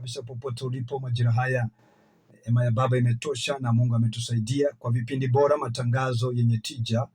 kabisa popote ulipo majira haya. ema ya Baba imetosha na Mungu ametusaidia kwa vipindi bora, matangazo yenye tija,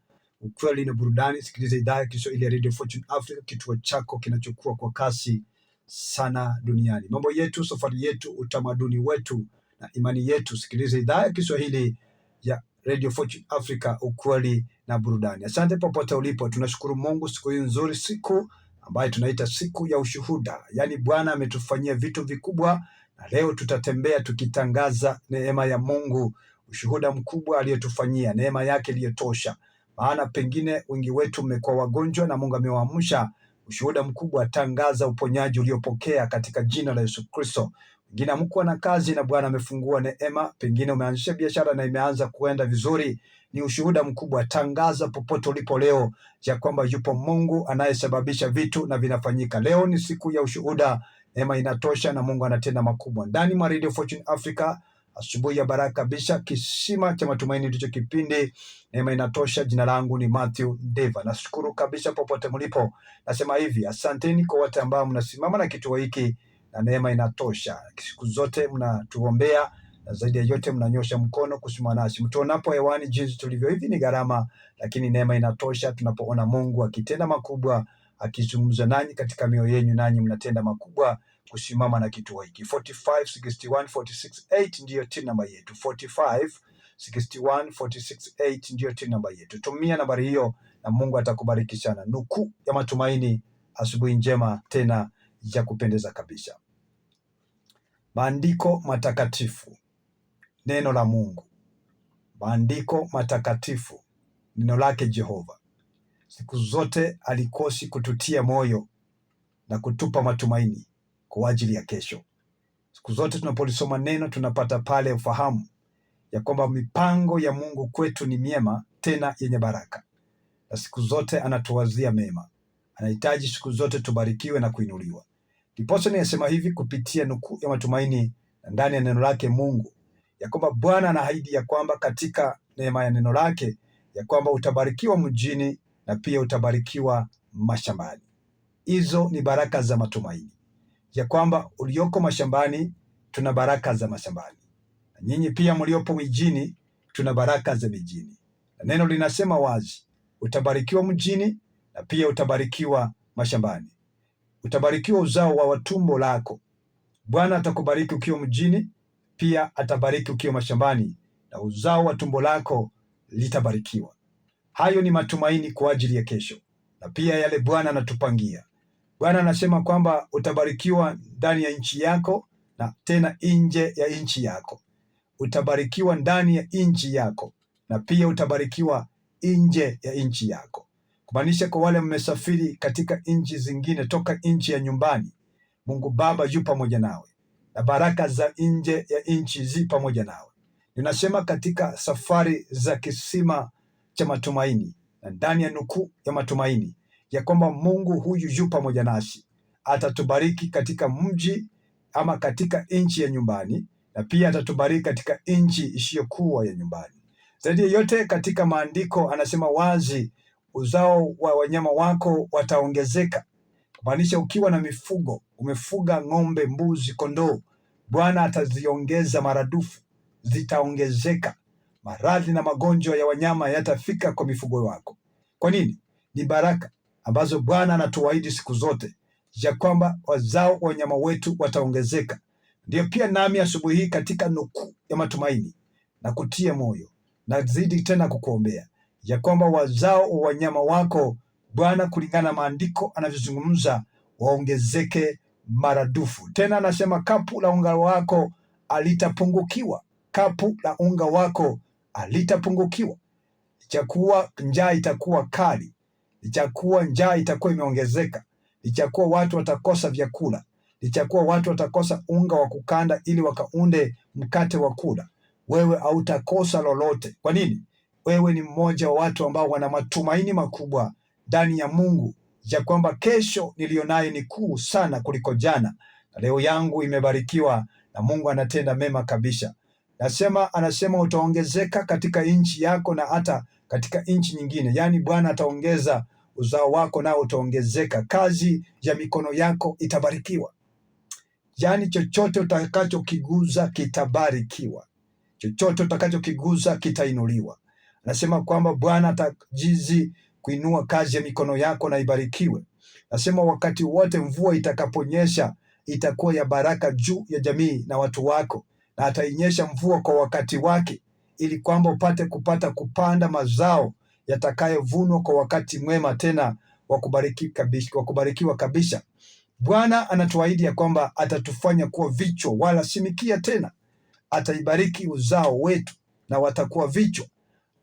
ukweli na burudani. Sikiliza idhaa ya Kiswahili ya Radio Fortune Africa, kituo chako kinachokua kwa kasi sana duniani. Mambo yetu, safari yetu, utamaduni wetu na imani yetu. Sikiliza idhaa ya Kiswahili ya Radio Fortune Africa, ukweli na burudani. Asante popote ulipo, tunashukuru Mungu siku hii nzuri, siku ambayo tunaita siku ya ushuhuda, yaani Bwana ametufanyia vitu vikubwa, na leo tutatembea tukitangaza neema ya Mungu, ushuhuda mkubwa aliyotufanyia, neema yake iliyotosha. Maana pengine wengi wetu mmekuwa wagonjwa na Mungu amewaamsha. Ushuhuda mkubwa, tangaza uponyaji uliopokea katika jina la Yesu Kristo. Pengine hamkuwa na kazi na Bwana amefungua neema, pengine umeanzisha biashara na imeanza kuenda vizuri. Ni ushuhuda mkubwa. Tangaza popote ulipo leo ya kwamba yupo Mungu anayesababisha vitu na vinafanyika. Leo ni siku ya ushuhuda, neema inatosha na Mungu anatenda makubwa ndani mwa Radio Fortune Africa. Asubuhi ya baraka kabisa, kisima cha matumaini ndicho kipindi, neema inatosha. Jina langu ni Matthew Ndeva. Nashukuru kabisa popote mlipo, nasema hivi, asanteni kwa wote ambao mnasimama na kituo hiki na neema inatosha. Siku zote mnatuombea na zaidi ya yote mnanyosha mkono kusimama nasi, mtuonapo hewani jinsi tulivyo. Hivi ni gharama, lakini neema inatosha. Tunapoona Mungu akitenda makubwa, akizungumza nanyi katika mioyo yenu, nanyi mnatenda makubwa kusimama na kituo hiki. 4561468 ndiyo tin namba yetu, 4561468 ndiyo tin namba yetu. Tumia nambari hiyo na Mungu atakubariki sana. Nukuu ya matumaini, asubuhi njema tena ya kupendeza kabisa. Maandiko matakatifu, neno la Mungu, maandiko matakatifu, neno lake Jehova siku zote alikosi kututia moyo na kutupa matumaini kwa ajili ya kesho. Siku zote tunapolisoma neno, tunapata pale ufahamu ya kwamba mipango ya Mungu kwetu ni miema tena yenye baraka, na siku zote anatuwazia mema. Anahitaji siku zote tubarikiwe na kuinuliwa. Ndiposa ninasema hivi kupitia nukuu ya matumaini ndani ya neno lake Mungu, ya kwamba Bwana anaahidi ya kwamba katika neema ya neno lake ya kwamba utabarikiwa mjini na pia utabarikiwa mashambani. Hizo ni baraka za matumaini, ya kwamba ulioko mashambani tuna baraka za mashambani, na nyinyi pia mliopo mijini tuna baraka za mijini. Na neno linasema wazi, utabarikiwa mjini na pia utabarikiwa mashambani utabarikiwa uzao wa tumbo lako. Bwana atakubariki ukiwa mjini, pia atabariki ukiwa mashambani, na uzao wa tumbo lako litabarikiwa. Hayo ni matumaini kwa ajili ya kesho na pia yale Bwana anatupangia. Bwana anasema kwamba utabarikiwa ndani ya nchi yako na tena nje ya nchi yako. Utabarikiwa ndani ya nchi yako na pia utabarikiwa nje ya nchi yako kumaanisha kwa wale mmesafiri katika nchi zingine toka nchi ya nyumbani, Mungu Baba yu pamoja nawe na baraka za nje ya nchi zi pamoja nawe. Ninasema katika safari za kisima cha matumaini na ndani ya nukuu ya matumaini ya kwamba Mungu huyu yu pamoja nasi, atatubariki katika mji ama katika nchi ya nyumbani, na pia atatubariki katika nchi isiyokuwa ya nyumbani. Zaidi ya yote, katika maandiko anasema wazi uzao wa wanyama wako wataongezeka. Kumaanisha ukiwa na mifugo, umefuga ng'ombe, mbuzi, kondoo, Bwana ataziongeza maradufu, zitaongezeka. Maradhi na magonjwa ya wanyama yatafika kwa mifugo wako. Kwa nini? Ni baraka ambazo Bwana anatuahidi siku zote ya kwamba wazao wa wanyama wetu wataongezeka. Ndiyo pia nami asubuhi hii katika nukuu ya matumaini na kutia moyo, nazidi tena kukuombea ya kwamba wazao wa wanyama wako Bwana kulingana na maandiko anavyozungumza waongezeke maradufu. Tena anasema kapu la unga wako alitapungukiwa, kapu la unga wako alitapungukiwa. ichakuwa njaa itakuwa kali, lichakuwa njaa itakuwa imeongezeka, lichakuwa watu watakosa vyakula, lichakuwa watu watakosa unga wa kukanda ili wakaunde mkate wa kula, wewe hautakosa lolote. Kwa nini? wewe ni mmoja wa watu ambao wana matumaini makubwa ndani ya Mungu ya kwamba kesho niliyo naye ni kuu sana kuliko jana, na leo yangu imebarikiwa na Mungu anatenda mema kabisa. Nasema anasema utaongezeka katika nchi yako na hata katika nchi nyingine, yaani Bwana ataongeza uzao wako nao utaongezeka, kazi ya mikono yako itabarikiwa. Yaani chochote utakachokiguza kitabarikiwa, chochote utakachokiguza kitainuliwa. Nasema kwamba Bwana atajizi kuinua kazi ya mikono yako na ibarikiwe. Nasema wakati wote mvua itakaponyesha itakuwa ya baraka juu ya jamii na watu wako, na atainyesha mvua kwa wakati wake, ili kwamba upate kupata kupanda mazao yatakayovunwa kwa wakati mwema, tena wa kubarikiwa kabisa. Bwana anatuahidi ya kwamba atatufanya kuwa vichwa wala si mikia tena, ataibariki uzao wetu na watakuwa vichwa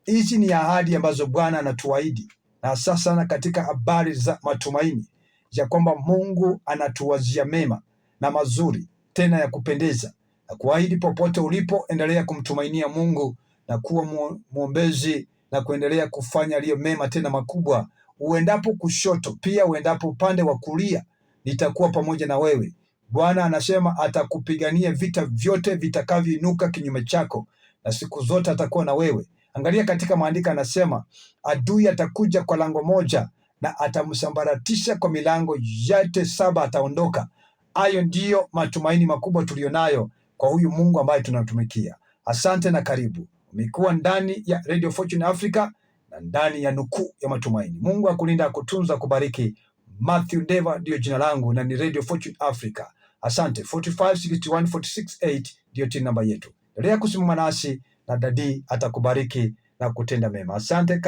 Hizi ni ahadi ambazo Bwana anatuahidi, na sasa na katika habari za matumaini ya kwamba Mungu anatuwazia mema na mazuri tena ya kupendeza, na kuahidi popote ulipo, endelea kumtumainia Mungu na kuwa mwombezi na kuendelea kufanya aliyo mema tena makubwa. Uendapo kushoto pia uendapo upande wa kulia, nitakuwa pamoja na wewe. Bwana anasema atakupigania vita vyote vitakavyoinuka kinyume chako, na siku zote atakuwa na wewe. Angalia katika maandiko anasema, adui atakuja kwa lango moja na atamsambaratisha kwa milango yote saba, ataondoka. Hayo ndiyo matumaini makubwa tuliyonayo kwa huyu Mungu ambaye tunamtumikia. Asante na karibu. Umekuwa ndani ya Radio Fortune Africa na ndani ya nukuu ya matumaini. Mungu akulinda, akutunza, akubariki. Matthew Ndeva ndiyo jina langu na ni Radio Fortune Africa. Asante. 45 61 46 8 ndiyo tin namba yetu. Endelea kusimama nasi na dadi atakubariki na kutenda mema. Asante.